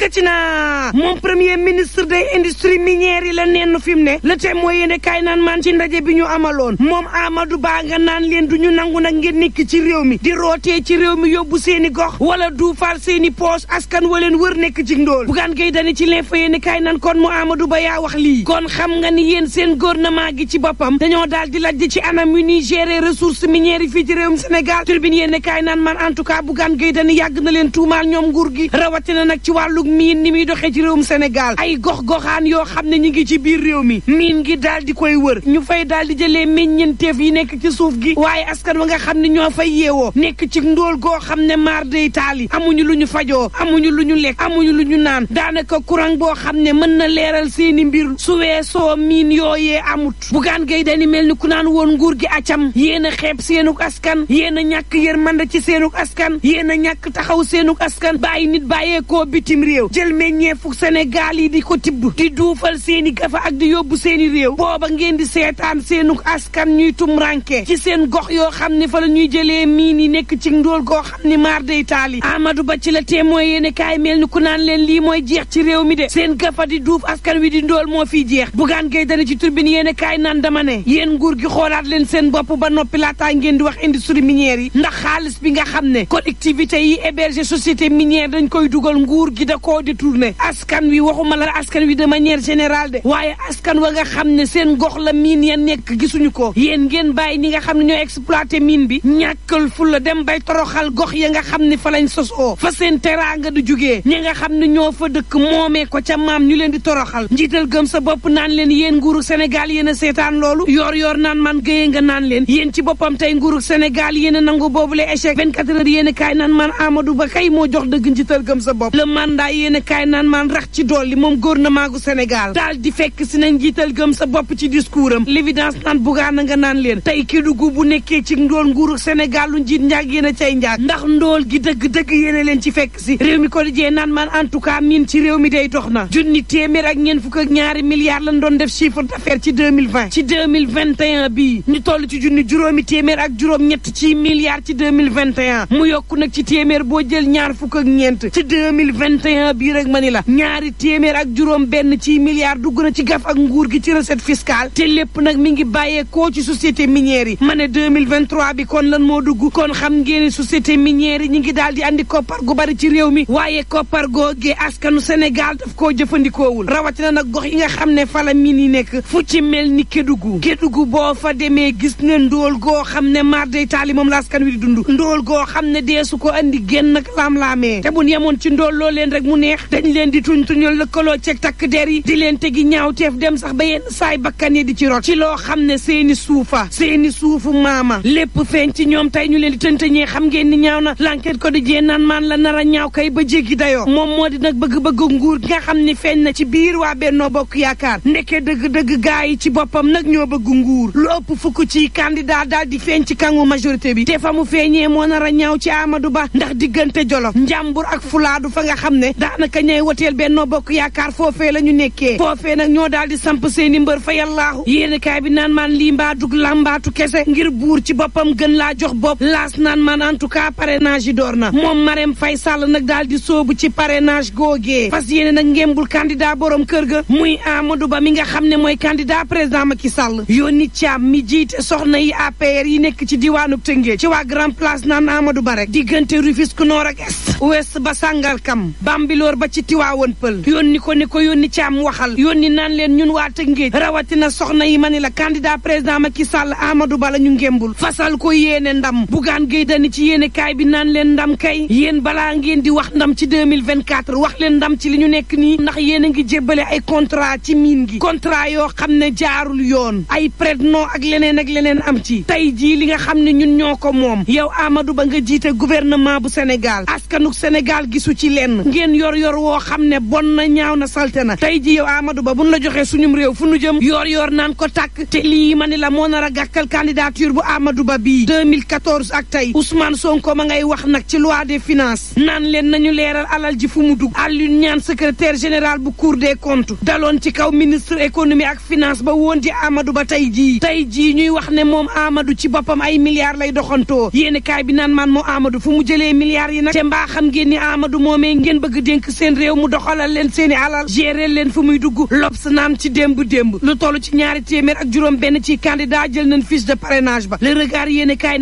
yëkkati na moom premier ministre des industries minières yi la nenn fi mu ne le tey mooy yéene kaay naan maan ci ndaje bi ñu amaloon moom amadu Ba nga naan leen du ñu nangu nag ngeen nekk ci réew mi di rootee ci réew mi yóbbu seeni gox wala duufal seeni poche askan wa leen wër nekk ci ndóol bugaan gay dani ci l'info yéene kaay naan kon mu Amadou Ba yaa wax lii kon xam nga ni yéen seen gouvernement gi ci boppam dañoo daal di lajj ci anam yu ñuy gérer ressources minières yi fii ci réewum Sénégal turbine yéene kaay naan man en tout cas bugaan gay dani yàgg na leen tuumaal ñoom nguur gi rawatina nag ci wàllu miin ni muy doxee ci réewum Sénégal ay gox-goxaan yoo xam ne ñu ngi ci biir réew mi miin gi daal di koy wër ñu fay daal di jëlee meññeenteef yi nekk ci suuf gi waaye askan wa nga xam ne ñoo fay yeewoo nekk ci ndóol goo xam ne maar day taali amuñu lu ñu fajoo amuñu lu ñu lekk amuñu lu ñu naan daanaka courant boo xam ne mën na leeral seeni mbir su weesoo miin yooyee amut bugaan gay dañu mel ni ku naan woon nguur gi acam yéen a xeeb askan yéen a ñàkk yërmande ci seenuk askan yéen ñàkk taxaw seenuk askan bàyyi nit bàyyeekoo bitim réew réew jël meññeefu Sénégal yi di ko tibb di duufal seeni gafa ak di yóbbu seeni réew booba ngeen di seetaan seenu askan ñuy tumranke ci seen gox yoo xam ne fa la ñuy jëlee miin yi nekk ci ndóol goo xam ne maar day taal yi Amadou Ba ci la témoin yéene kaay mel ni ku naan leen lii mooy jeex ci réew mi de seen gafa di duuf askan wi di ndool moo fiy jeex bugaan gay dana ci turbine yéene kaay naan dama ne yéen nguur gi xoolaat leen seen bopp ba noppi laataa ngeen di wax industrie minière yi ndax xaalis bi nga xam ne collectivité yi héberger société minière dañ koy dugal nguur gi da koo détourné askan wi waxuma la askan wi de manière générale de waaye askan wa nga xamne sen gox la miin ya nek gisunu ko yeen ngeen bay ni nga xamne ñoo exploiter miin bi ñàkkal fu la dem bay toroxal gox ya nga xamne fa lañ sosoo fa sen teranga du jugge ñi nga xamne ñoo fa dekk momé ko ca mam ñu leen di toroxal njital gëm sa bop naan leen yeen nguru senegal yéen setan lolu yor yor nan man geey nga naan leen yeen ci bopam tay nguru senegal yéen nangu boobu échec 24 heures yéen kay man Amadou Ba kay mojok jox deug njital gëm sa bop le mandat yéen kaay naan maan rax ci dolli moom gouvernement gu Sénégal daal di fekk si na njiital gëm sa bopp ci discours am l'évidence naan bugaana nga naan leen tey Kédougou bu nekkee ci ndool nguur Sénégal lu njiit njaag yéen a cay njaag ndax ndool gi dëgg-dëgg yéen leen ci fekk si réew mi ko dijee naan maan en tout ci réew mi day dox na junni téeméer ak ñeent fukk ak ñaari milliards lañ doon def chiffre d'affaires ci 2020 ci 2021 bii ñu toll ci junni juróomi téeméer ak juróom ñett ci milliards ci 2021 mu yokku nag ci boo jël ñaar fukk ak ñeent ci 2021 quotidien bii rek ma ni la ñaari téeméer ak juróom benn ci milliards dugg na ci gaf ak nguur gi ci recette fiscale te lépp nag mi ngi bàyyee koo ci société minière yi ma ne 2023 bi kon lan moo dugg kon xam ngeen ni société minière yi ñu ngi daal di andi koppar gu bari ci réew mi waaye koppar googee askanu Sénégal daf koo jëfandikoowul rawatina nag gox yi nga xam ne fala la ni nekk fu ci mel ni gu Kédougou gu boo fa demee gis ne ndóol goo xam ne mar day taali moom la askan wi dund ndóol goo xam ne deesu ko andi génn ak laam-laamee te bu ci ndóol mu neex dañu leen di tuñ tuñal lëkkaloo ceeg takk der yi di leen tegi ñaaw teef dem sax ba yenn saay bakkan yi di ci rot ci loo xam ne seeni suufa seeni suufu maama lépp feeñ ci ñoom tey ñu leen di tëntëñee xam ngeen ni ñaaw na l'enquête ko di jee naan maan la nar a ñaaw kay ba jéggi dayoo moom moo di nag bëgg-bëgg nguur nga xam ni feeñ na ci biir waa Bennoo Bokk Yaakaar ndeke dëgg-dëgg gaa yi ci boppam nag ñoo bëgg nguur lu ëpp fukk ci candidat daal di feeñ ci kangu majorité bi te fa mu feeñee moo nar a ñaaw ci Amadou Ba ndax diggante Jolof Njàmbur ak Fulaadu fa nga xam ne daanaka ñay woteel Benno Bokk Yaakaar foofee la ñu nekkee foofee nag ñoo daal di samp seen i mbër fa yàllaahu yéenekaay bi naan maan lii mbaa dug làmbaatu kese ngir buur ci boppam gën laa jox bopp laas naan maan en tout cas yi door na moom Marème fay Sall nag daal di soobu ci parrainage googee fas yéene nag ngembul candidat borom kër ga muy Amadou Ba mi nga xam ne mooy candidat président Macky yoon yónni Thiam mi jiite soxna yi APR yi nekk ci diwaanu Tëngéej ci waa Grand Place naan Amadou Ba rek diggante Rufisque Nord ak Est Ouest ba Sangalkam bambilor ba ci tiwaawoon pël yónni ko ni ko yónni caam waxal yónni naan leen ñun waa Tëngéej rawatina soxna yi ma ni la candidat président Macky Sall Amadou Ba la ñu ngémbul fasal ko yéene ndam Bougane Gueye Dany ci yéene bi naan leen ndam kay yéen balaa ngeen di wax ndam ci 2024 wax leen ndam ci li ñu nekk nii ndax yéen a ngi jébbale ay contrat ci miin gi contrat yoo xam ne jaarul yoon ay prête-nom ak leneen ak leneen am ci tey jii li nga xam ne ñun ñoo ko moom yow Amadou Ba nga jiite gouvernement bu Sénégal askanuk Sénégal gisu ci lenn ngeen yor yor woo xam ne bon na ñaaw na salte na tey ji yow Amadou Ba buñ la joxee suñum réew fu nu jëm yor yor naan ko takk te lii ma ni la moo nar a gàkkal candidature bu Amadou Ba bii 2014 ak tey Ousmane Sonko ma ngay wax nag ci loi des finance naan leen nañu leeral alal ji fu mu dugg Alioune ñaan secrétaire général bu cour des comptes daloon ci kaw ministre économie ak finance ba woon di Amadou Ba tey ji tey ji ñuy wax ne moom amadu ci boppam ay milliards lay doxantoo yéen kaay bi naan man moo Amadou fu mu jëlee milliards yi nag te xam ngeen ni ngeen bëgg dénk seen réew mu doxalal leen seen i alal leen fu muy dugg lobs naam ci démb démb lu toll ci ñaari téeméer ak juróom benn ci candidat jël nañ de parrainage ba le regard yéen kaay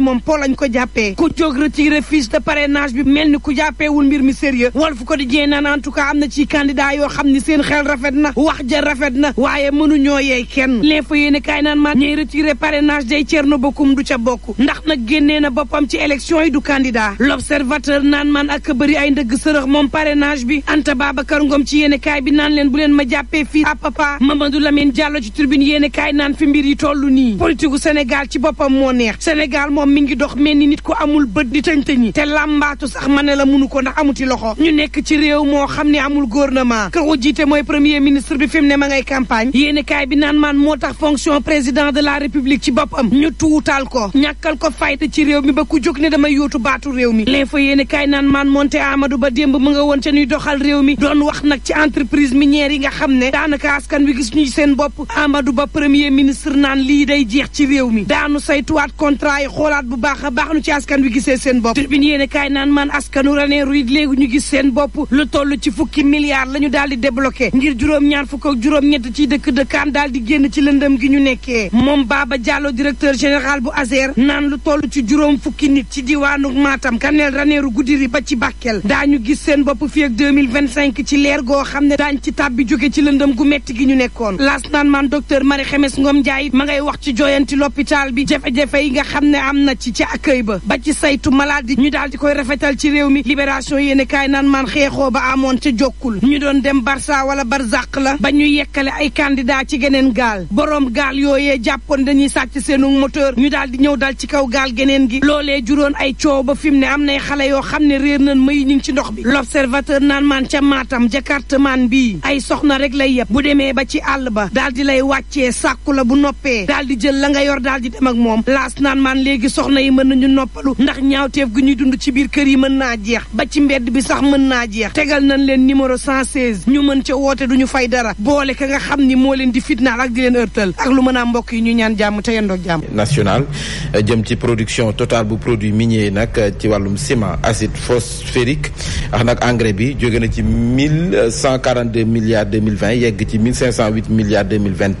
moom po lañ ko jàppee ku jóg retiré fiche de parrainage bi mel ni ku jàppeewul mbir mi sérieux Walf Quotidien naan en tout cas am na ci candidat yoo xam ni seen xel rafet na wax ja rafet na waaye mënuñoo yeey kenn l'info yéen kaay naan maa ñey retiré parrainage day Thierno Bocoum du ca bokk ndax nag génnee na boppam ci élection yi du candidat l'observateur naan maan ak bëri ay ndëgg sërëx moom parrainage bi Anta Babacar Ngom ci yéene kaay bi naan leen bu leen ma jàppee fii à papa Mamadou Lamine Diallo ci tribune yéene kaay naan fi mbir yi toll nii politique Sénégal ci boppam moo neex Sénégal moom mi ngi dox mel ni nit ko amul bët di tëñ-tëñi te làmbaatu sax ma ne la munu ko ndax i loxo ñu nekk ci réew moo xam ne amul gouvernement ka ko jiite mooy premier ministre bi fi mu ne ma ngay campagne yéene kaay bi naan maan moo tax fonction président de la république ci boppam ñu tuutal ko ñàkkal ko fayda ci réew mi ba ku jóg ne dama yóotu baatu réew mi leen fa yéene kaay naan maan Ba nga woon ca ñuy doxal réew mi doon wax nag ci entreprise minière yi nga xam ne daanaka askan wi gis ñuy seen bopp Amadou Ba premier ministre naan lii day jeex ci réew mi daanu saytuwaat contrat yi xoolaat bu baax a baax nu ci askan wi gisee seen bopp tribune yéene kaay naan man askanu raneeru it léegi ñu gis seen bopp lu toll ci fukki milliards la ñu daal di débloqué ngir juróom fukk ak juróom-ñett ci dëkk dëkkaan daal di génn ci lëndëm gi ñu nekkee moom Baba Diallo directeur général bu ASER naan lu toll ci juróom fukki nit ci diwaanu Matam Kanel raneeru Goudiry ba ci Bakel seen bopp fii ak 2025 ci leer goo xam ne daañ ci tàbbi jóge ci lëndëm gu metti gi ñu nekkoon laas naan man docteur Marie Xemes ngoom Ndiaye ma ngay wax ci joyanti l'hôpital bi jafe-jafe yi nga xam ne am na ci ci accueil ba ba ci saytu maladie ñu daal di koy rafetal ci réew mi libération yéene kaay naan man xeexoo ba amoon ca jokkul ñu doon dem Barça wala Barzak la ba ñuy yekkale ay kandidaa ci geneen gaal boroom gaal yooyee jàppoon dañuy sàcc seenu moteur ñu daal di ñëw dal ci kaw gaal geneen gi loolee juróon ay coow ba mu ne am nay xale yoo xam ne réer nañ may ñu ngi ci ndox bi observateur nan man ca maatam jakartemaan bi ay soxna rek lay yeb bu deme ba ci all ba dal di lay wacce sakku la bu noppé dal di jël la nga yor dal di dem ak mom las nan man legi soxna yi meun ñu noppalu ndax ñaawteef gu ñuy dund ci biir kër yi meun na jeex ba ci mbedd bi sax meun na jeex tegal nan len numéro 116 ñu meun ca woote duñu fay dara boole ka nga xamni mo moo leen di fitnal ak di leen ërtal ak lu meuna mbokk yi ñu ñaan jamm te yendo jamm national jëm ci production totale bu produit minier nak ci walum ciment acide phosphérique nag engrais bi jóge na ci mille cent quarante deux milliards yegg ci mille cinq milliards deux mille vingt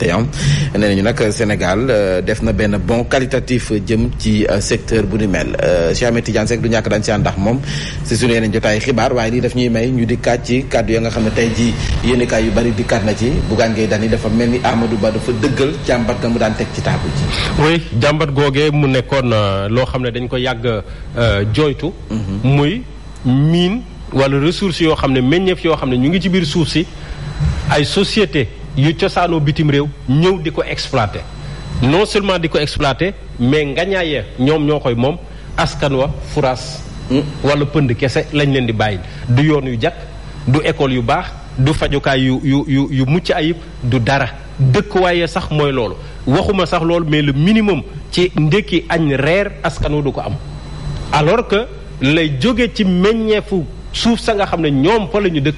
Sénégal euh, def na benn bon qualitatif jëm ci euh, secteur bu ni mel euh, Cheikh Ahmed Tidiane Seck du ñàkk daan si ndax moom si suñu yeneen jotaay xibaar waaye lii daf ñuy may ñu dikkaat ci kàddu ya nga xam ne tey jii yéenekaay yu bari dikkaat na ci Bougane Gueye Dany dafa mel ni Amadou Ba dafa dëggal jàmbat nga mu daan teg ci table ji. oui jàmbat googee mu nekkoon loo xam ne dañ ko yàgg jooytu. Mhm. muy miin. wala ressources yoo xam ne meññeef yoo xam ne ñu ngi ci biir suuf si ay société yu cosaanoo bitim réew ñëw di ko exploité non seulement di ko exploité mais ngañaaya ñoom ñoo koy moom askan wa furaas mm. wala pënd kese lañ leen di bàyyi du yoon yu jag du école yu baax du fajukaay yu yu yu yu mucc ayib du dara dëkkuwaay sax mooy loolu waxuma sax loolu mais le minimum ci ndékki añ reer askan wa du ko am alors que lay jóge ci meññeefu suuf sa nga xam ne ñoom fa la ñu dëkk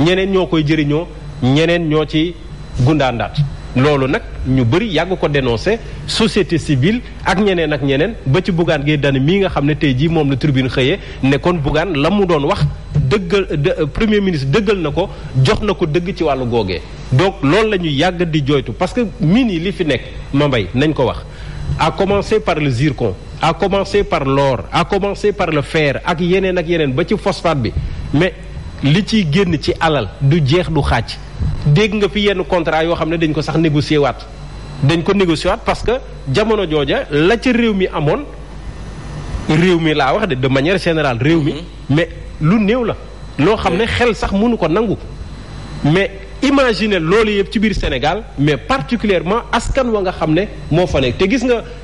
ñeneen ñoo koy jëriñoo ñeneen ñoo ci gundaandaat loolu nag ñu bëri yàgg ko dénoncé société civile ak ñeneen ak ñeneen ba ci Bougane Gueye Dany mii nga xam ne tey jii moom la tribune xëyee ne kon Bougane la mu doon wax dëggal euh, premier ministre dëggal na ko jox na ko dëgg ci wàllu googee donc loolu la ñuy yàgg di jooytu parce que mine yi li fi nekk ma mbay nañ ko wax a commencer par le zircon à commencer par l'or à commencer par le fer ak yenen ak yenen ba ci phosphate bi mais li ci génn ci alal du jeex du xaaj dégg nga fi yenn contrat yoo xam ne dañ ko sax négocier waat dañ ko négocier parce que jamono jooja la ci réew mi amoon réew wax de de manière générale réew mm-hmm. mais lu néew la loo xam ne mm-hmm. xel sax mënu ko mais imaginez loolu yëpp ci Sénégal mais particulièrement askan wa nga xam ne moo fa te gis nga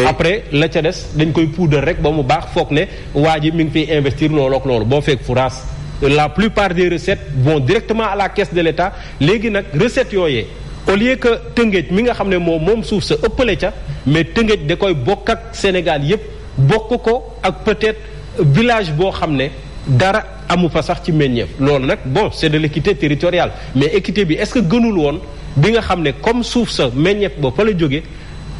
après la ca des dañ koy puudar rek ba mu baax foog ne waa ji mi ngi fiy investir loolu ak loolu boo fekk France la plupart des recettes vont directement à la caisse de l'État léegi nag recettes yooyee au lieu que tëngéej mi nga xam ne moom moom suuf sa ëppale ca mais tëngéej da koy bokk ak Sénégal yépp bokk ko ak peut-être village boo xam ne dara amu fa sax ci meññeef loolu nag bon c'est de l'équité territoriale mais équité bi est-ce que gënul woon bi nga xam ne comme suuf sa meññeef ba fa la jóge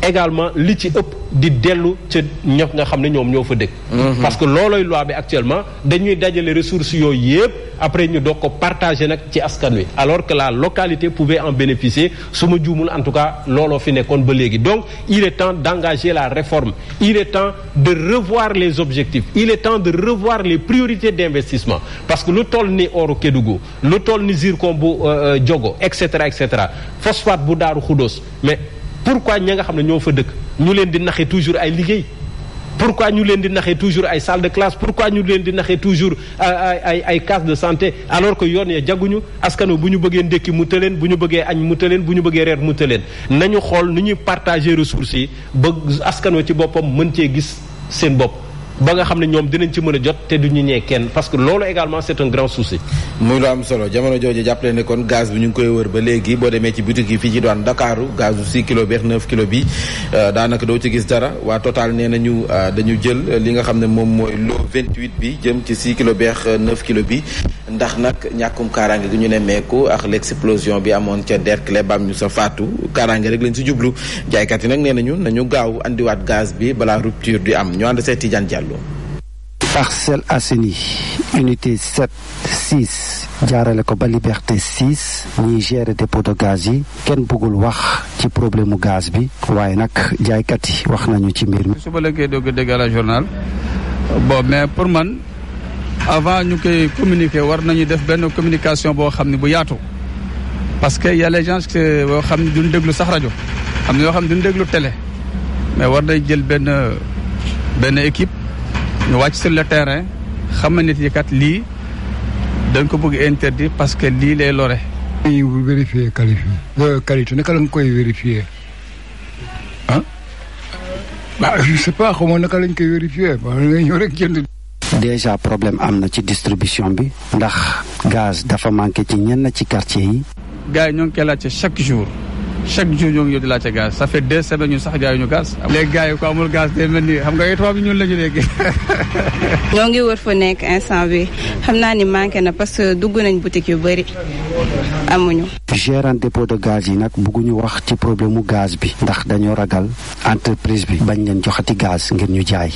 également li ci ëpp di dellu ci ñoom nga xam ñom ñoo mhm. parce que loolooy loi bi actuellement dañuy dajale ressources yoy yëpp après ñu do ko partager nak ci askan wi alors que la localité pouvait en bénéficier suma en tout cas lolo fi nekkoon ba légui donc il est temps d'engager la réforme il est temps de revoir les objectifs il est temps de revoir les priorités d'investissement parce que lu toll ni oru Kédougou lu toll ni zircon bu euh, euh, Diogo etc., etc. phosphate bu mais pourquoi ña nga xam ne ñoo fa dëkk ñu leen di naxee toujours ay liggéey pourquoi ñu leen di naxee toujours ay salle de classe pourquoi ñu leen di naxee toujours ay ay de santé alors que yoon ya jaguñu askano bu ñu bëggee ndékki mu tëleen bu ñu bëggee añ mu tëleen bu ñu bëggee reer mu tëleen nañu xool nu ñuy partager ressources yi ba askano ci boppam mën cee gis seen bopp ba nga xam ne ñoom dinañ ci mën a jot te duñu ñu ñee kenn parce que loolu également c'est un grand souci. muy lu am solo jamono jooju jàppale ne kon gaz bi ñu ngi koy wër ba léegi boo demee ci boutique yi fii ci doon Dakaru gaz bu 6 kilo beex 9 kilo bi euh, daanaka doo ci gis dara waa Total nee nañu euh, dañu jël li nga xam ne moom mooy lot 28 bi jëm ci 6 kilo beex 9 kilo bi. ndax nak ñakum kaaraange gi ñu ne meeku ak l'explosion bi amone ci der derkle bam ñu sa fatu kaaraange rek lañ ci jublu jay kat nak nee nañu nañu gaaw wat gaz bi bala rupture di am ñu and seet Tidiane Diallo. Parcelles Assainies unité 7 6 jaarale ko ba liberté 6 ñuy gérer dépôt de gaz yi kenn bugul wax ci problème gaz bi waye nak jay kat wax nañu ci mbir mi. su ba la journal bon mais pour man avant ñu koy communiquer war nañu def benn communication boo xam ne bu yaatu parce que y a les gens yoo xam ne duñ déglu sax rajo am na yoo xam ne duñ déglu télé mais war nañ jël benn benn équipe ñu wàcc sur le terrain xam na nit yi kat lii dañ ko bëgg interdit parce que lii lay lore. dañuy vérifier qualité euh, qualité naka la nga koy vérifier ah. bah je sais pas xaw naka lañ koy vérifier ba nga ñëw rek jënd. déjà problème am na ci distribution bi ndax gaz dafa manqué ci ñenn ci quartier yi. gars ñoo ngi koy laajte chaque jour chaque jour ñoo ngi yóbbu laajte gaz ça fait deux semaines ñun sax jaayuñu gaz. léegi gars yi ko amul gaz day mel xam nga état bi ñun la ñu léegi. ñoo ngi wër fa nekk instant xam naa ni manqué na parce que dugg nañ boutique yu bëri amuñu. gérant dépôt de gaz yi nag bëgguñu wax ci problème mu gaz bi ndax dañoo ragal entreprise bi bañ leen joxati gaz ngir ñu jaay.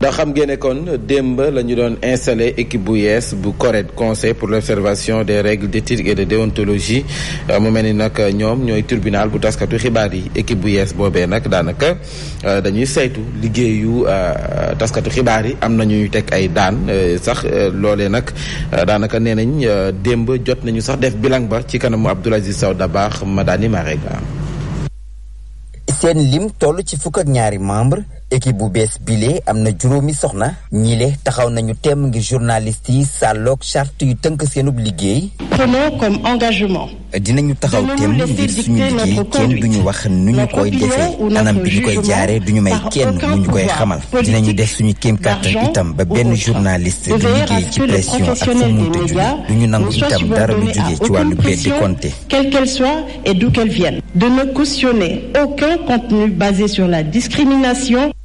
da xam ngeen ne kon démb la ñu doon installé équipe bu yees bu CORED conseil pour l'observation des règles d'éthique et de déontologie euh, mu mel ni nag ñoom ñooy tribunal bu taskatu xibaar yi équipe bu yees boobee nag daanaka euh, dañuy saytu liggéeyu euh, taskatu xibaar yi am nañuy teg ay daan sax loolee nag daanaka nee nañ démb jot nañu sax def bilan ba ci kanamu abdoulaziz Aziz Sow Madani Marega seen lim toll ci fukk ak ñaari membre équipe bu bes bile amna juroomi juróomi soxna ñile taxaw nañu tém ngir journaliste yi sàlloog charte yu tënk seenub liggéey. prenons comme engagement. dinañu taxaw temm ngir suñu liggéey kenn duñu wax nuñu koy defee anam bi ñu koy jaaree duñu may kenn mu koy xamal. dinañu def suñu kéem carte itam ba benn journaliste du liggéey ci pression ak fu munta jóge duñu nangu itam dara lu jógee ci wàllu beddi compté. quelle qu'elle soit et d'où qu'elle vienne. de ne cautionner aucun contenu basé sur la discrimination.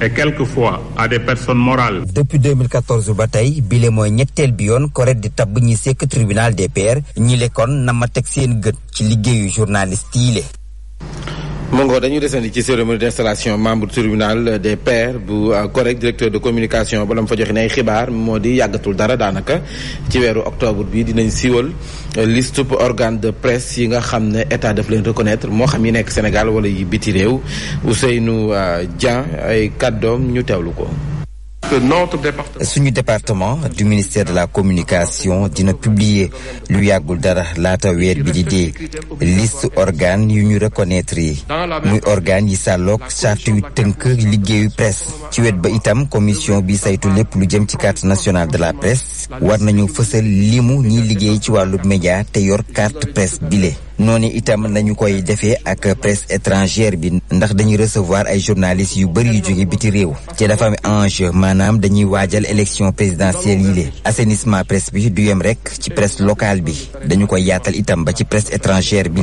et quelquefois à des personnes morales. depuis 2014 bataille, bataille bile mooy ñetteel bi de CORED di tribunal des pairs Nilekon, lekkoon na ma teg seen journaliste yi Mongo dañu desandi ci cérémonie d'installation membre tribunal des pairs bu euh, correct directeur de communication ba la mu fa joxe ne ay xibaar moo di yàggatul dara daanaka ci weeru octobre bi dinañ siiwal euh, liste organe de presse yi nga xam ne état daf leen reconnaître moo xam yi nekk Sénégal wala yi biti réew Ousseynou euh, Dieng ay doom ñu teewlu ko. que notre département. département du ministère de la communication dina publier lu yàggul dara Lata weer bi di liste organes yu ñu reconnaître yi muy organes yi sàlloog charte yu tënk liggéeyu presse. ci es ba itam commission bi saytu lépp lu jëm ci carte nationale de la presse war nañu fësal limu ñiy liggéey ci wàllu média te yor carte presse bile noni itam nañu koy defé ak presse étrangère bi ndax dañuy recevoir ay journalistes yu bari yu jóge biti réew ci dafa am enjeu manam dañuy waajal élection présidentielle yi assainissement presse bi du yem rek ci presse locale bi dañu koy yatal itam ba ci presse étrangère bi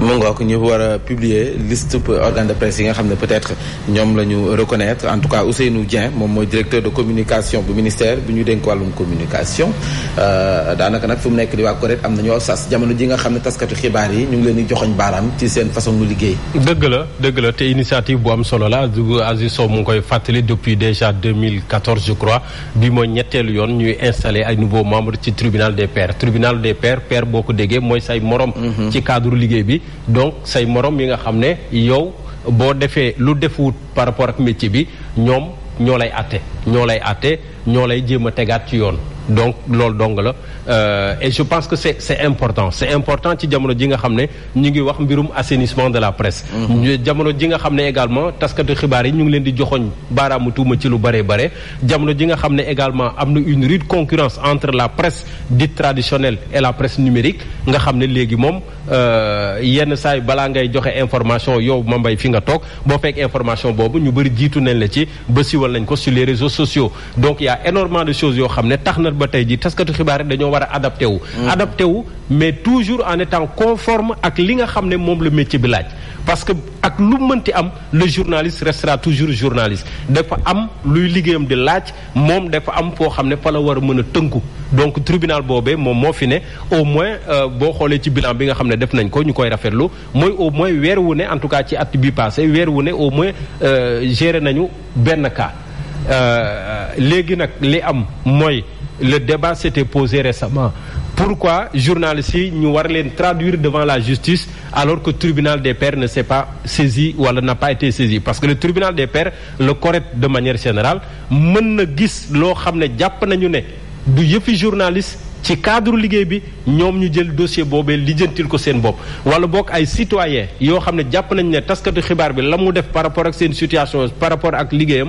mu ak ñu wara publier liste organe de presse yi nga xam peut-être ñom lañu reconnaître en tout cas Ousseynou Dieng mom moy directeur de communication bu ministère bu ñu dénk walum communication euh, daanaka nag fi mu nekk di wa correct am nañoo sas jamono ji nga xam taskatu xibaar yi ñu ngi leen di joxoñ baram ci seen façon mu liggéey deug la deug la té initiative bu am solo la Aziz Sow mu koy fàttali depuis déjà 2014 je crois bi mo ñettel yoon ñuy installé ay nouveaux membres ci tribunal des pairs tribunal des pairs père boo déggé moy say morom mm-hmm. ci cadre liggéey bi donc say morom yi nga xam ne yow boo defee lu defuwut par rapport ak métier bi ñoom ñoo lay àtte ñoo lay àtte ñoo lay jéem a tegaat ci yoon donc lol dong la euh, et je pense que c'est c'est important c'est important ci jamono ji nga xamné ñi ngi wax mbirum assainissement de la presse mhm. jamono ji nga xam ne également taskatu xibaar yi ñu ngi leen di joxoñ baramu tuuma ci lu bare bare jamono ji nga xamné également am une rude concurrence entre la presse dite traditionnelle et la presse numérique nga xamné légui mom euh yenn say bala ngay joxe information yow ma fi nga tok bo fek information bobu ñu bari jitu nañ la ci ba wal nañ ko sur les réseaux sociaux donc il y a énormément de choses yo xamné tax na heure ba tay ji taskatu xibaar dañoo war a mm. adapté wu mais toujours en étant conforme ak li nga xam ne moom le métier bi laaj parce que ak lu mënti am le journaliste restera toujours journaliste dafa am luy liggéeyam di laaj moom dafa am foo xam ne fa la war a mën donc tribunal boobee moom moo fi ne au moins euh, boo xoolee ci bilan bi nga xam ne def nañ ko ñu koy rafetlu mooy au moins weer wu ne en tout cas ci at bi passé weer wu ne au moins euh, gérer nañu benn cas euh, léegi nag li am mooy le débat s'était posé récemment. Pourquoi journalistes nous ñu les traduire devant la justice alors que le tribunal des pères ne s'est pas saisi ou n'a pas été saisi parce que le tribunal des pères, le correct de manière générale ne na pas que nañu Nous du yëfi journaliste ci cadre liggéey bi ñoom ñu dossier boobee lijjantil ko seen bopp wala boog ay citoyens yoo xam ne nañu ne taskatu xibaar bi la par rapport à une situation par rapport à l'IGB,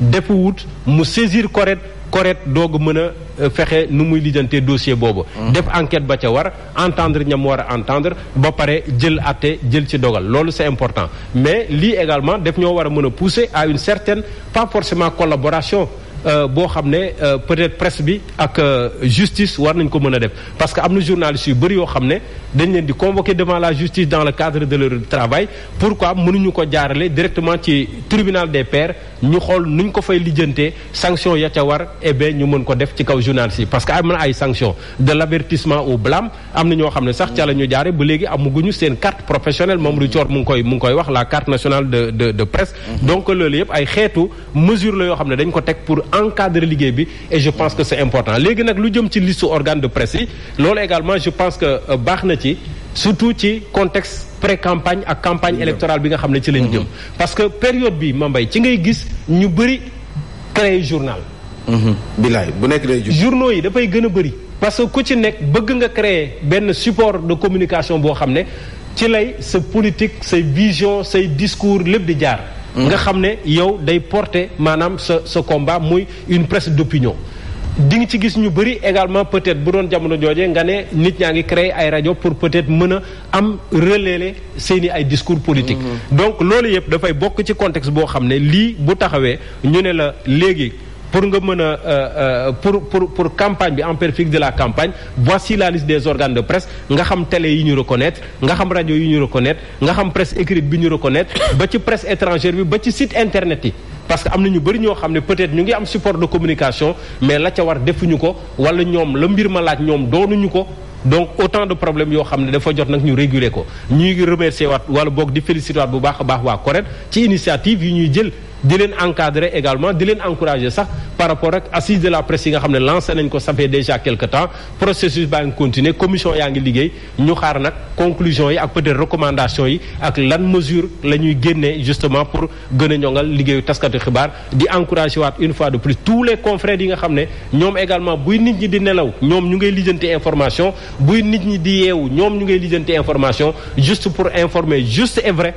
ne wut mu saisir correct correct doog mën a euh, fexe nu muy lijjantee dossier boobu. Mm. def enquête ba ca war entendre ñam war a entendre ba pare jël àtte jël ci dogal loolu c'est important mais lii également def ñoo war a mën a pousser à une certaine pas forcément collaboration. Euh, boo xam ne euh, peut-être presse bi ak justice war nañ ko mën a def parce que am na journalistes yu bëri yoo xam ne dañ leen di convoquer devant la justice dans le cadre de leur travail pourquoi mënuñu ko jaarale directement ci tribunal des pairs ñu xool nuñ ko fay lijjantee sanction ya ca war eh bien ñu mën ko def ci kaw journaliste yi parce que am na ay sanction de l'avertissement au blâme am na ñoo xam ne sax ca la ñu jaare ba léegi amuguñu seen carte professionnelle moom du coor mu ngi koy mu ngi koy wax la carte nationale de de de presse mhm. donc loolu yëpp ay xeetu mesure la yoo xam ne dañ ko teg pour encadrer liggéey bi et je pense que c'est important léegi nag lu jëm ci liste organe de presse yi loolu également je pense que euh, baax na ci surtout ci contexte pré campagne ak campagne électorale bi nga xam ne ci lañ jëm mhm. parce que période bi mambay ci ngay gis ñu bëri créé journal mhm. bilaay bu nekk day journaux yi dafay gën a bëri parce que ku ci nekk bëgg nga créer benn support de communication boo xam ne ci lay politique say vision say discours lépp di jaar mhm. nga xam ne yow day porter maanaam sa sa combat muy une presse d'opinion di nga ci gis ñu bëri également peut-être bu doon jamono en nga ne nit ñaa ngi créer ay rajo pour peut-être mën a am relayer seeni ay discours politique mm-hmm. donc loolu yëpp dafay bokk ci contexte boo xam ne lii bu taxawee ñu ne la léegi pour nga mën a euh, euh, pour pour pour campagne bi en périphérique de la campagne voici la liste des organes de presse nga xam télé yi ñu reconnaître nga xam rajo yi ñu reconnaître nga xam presse écrite bi ñu reconnaître ba ci presse étrangère bi ba ci site internet yi parce que am na ñu bëri ñoo xam ne peut-être ñu ngi am support de communication mais la ca war defuñu ko wala ñoom la mbir ma laaj ñoom doonuñu ko donc autant de problème yoo xam ne dafa jot nag ñu réguler ko ñuy remercier waat wala boog di féliciter bu baax a baax waa CORED ci initiative yi ñuy jël di leen encadrer également di leen encourager sax par rapport ak assise de la presse yi nga xam ne lancé nañ ko ça fait déjà quelque temps processus baa ngi continuer commission yaa ngi liggéey ñu xaar nag conclusion yi ak peut-être recommandation yi ak lan mesure la ñuy génnee justement pour gën a ñongal liggéeyu taskatu xibaar di encourager waat une fois de plus tous les confrères yi nga xam ne ñoom également buy nit ñi di nelaw ñoom ñu ngay informations information buy nit ñi di yeewu ñoom ñu ngay lijjanti information juste pour informer juste et vrai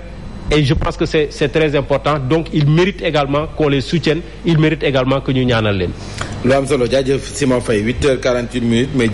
et je pense que c'est très important. Donc, ils méritent également qu'on les soutienne. Ils méritent également que nous n'y en 8h48 minutes, mais